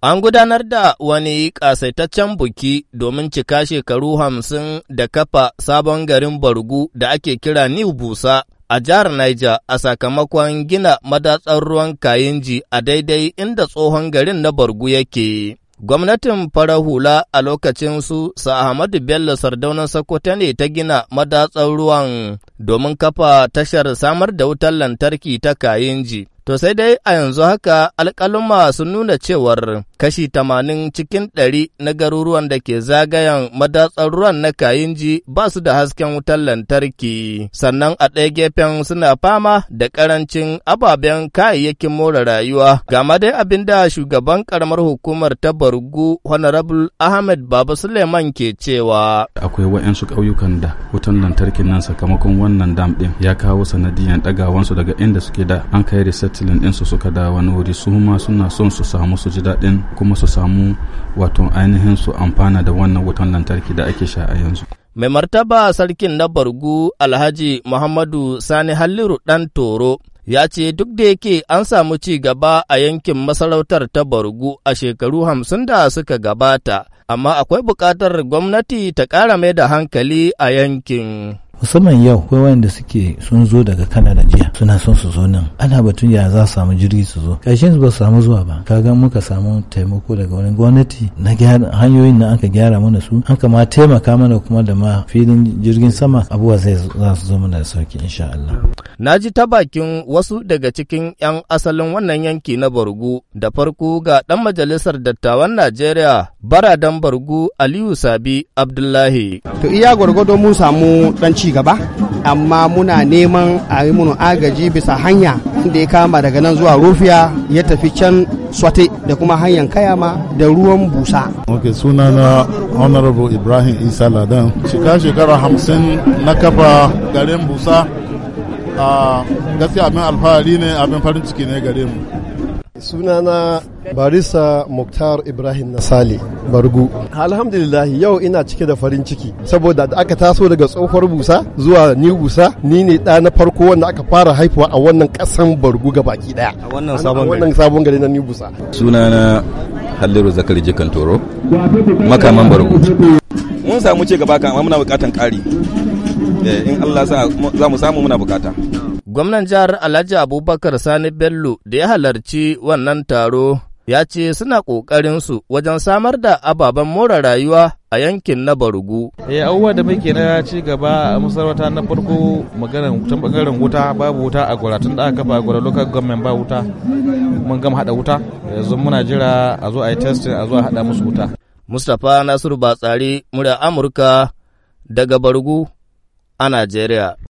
An gudanar da wani ƙasaitaccen buki domin cika shekaru hamsin da kafa sabon garin Bargu da ake kira New Busa a jihar Niger a sakamakon gina madatsar ruwan Kayinji a daidai inda tsohon garin na Bargu yake. Gwamnatin farar hula a lokacin su sa Ahmadu Bello Sardaunan Sokoto ne ta gina madatsar ruwan domin kafa tashar samar da wutar lantarki ta Kayinji. To sai dai a yanzu haka alƙaluma sun nuna cewar kashi tamanin cikin ɗari na garuruwan da ke zagayen madatsar ruwan na Kayinji ba su da hasken wutar lantarki, sannan a ɗaya gefen suna fama da ƙarancin ababen kayayyakin more rayuwa. Gama dai abin da shugaban ƙaramar hukumar ta Bargu Honorable Ahmed Baba Suleiman ke cewa. Akwai wayansu ƙauyukan da wutan lantarkin nan sakamakon wannan dam ɗin ya kawo sanadiyan ɗagawansu daga inda suke da an kai reset settling ɗinsu suka da wani wuri su ma suna son su samu su ji daɗin kuma su samu wato ainihin su amfana da wannan wutan lantarki da ake sha a yanzu. Mai martaba sarkin na Bargu Alhaji Muhammadu Sani Halliru ɗan Toro ya ce duk da yake an samu ci gaba a yankin masarautar ta Bargu a shekaru hamsin da suka gabata, amma akwai buƙatar gwamnati ta ƙara mai da hankali a yankin. musamman yau akwai wanda suke sun zo daga kanada jiya suna son su zo nan ana batun ya za samu jirgi su zo ƙarshen su ba samu zuwa ba kaga muka samu taimako daga wani gwamnati na hanyoyin na aka gyara mana su an kama taimaka mana kuma da ma filin jirgin sama abubuwa zai za su zo mana da sauki insha Allah na ji ta bakin wasu daga cikin 'yan asalin wannan yanki na Bargu da farko ga dan majalisar dattawan Najeriya Baradan Bargu Aliyu Sabi Abdullahi to iya gwargwado mun samu dan ci gaba amma muna neman a yi mun agaji bisa hanya da ya kama daga nan zuwa rufiya ya tafi can swate da kuma hanyar kayama da ruwan busa. ok suna na honorable ibrahim isa ladan shika shekara hamsin na kafa garin busa a gaskiya abin alfahari ne abin farin ciki ne gare mu suna na Barisa Muktar Ibrahim Nasali Bargu. Alhamdulillah yau ina cike da farin ciki saboda da aka taso daga tsofar busa zuwa ni busa ni ne ɗa na farko wanda aka fara haifuwa a wannan ƙasan Bargu baki ɗaya. A wannan sabon gari. Wannan na ni busa. Sunana Halliru Zakari Toro makaman Bargu. Mun samu ce gaba kan amma muna bukatan ƙari. Eh, in Allah za mu samu muna bukata. Gwamnan jihar Alhaji Abubakar Sani Bello da ya halarci wannan taro ya ce suna ƙoƙarinsu wajen samar da ababen more rayuwa a yankin na Barugu. Eh abubuwa da muke na ci gaba a masarauta na farko maganar tun bangaren wuta babu wuta a gura tun da aka kafa gura local government ba wuta mun gama hada wuta yanzu muna jira a zo a yi testing a zo a hada musu wuta. Mustapha Nasiru Batsari murya Amurka daga Barugu a Najeriya.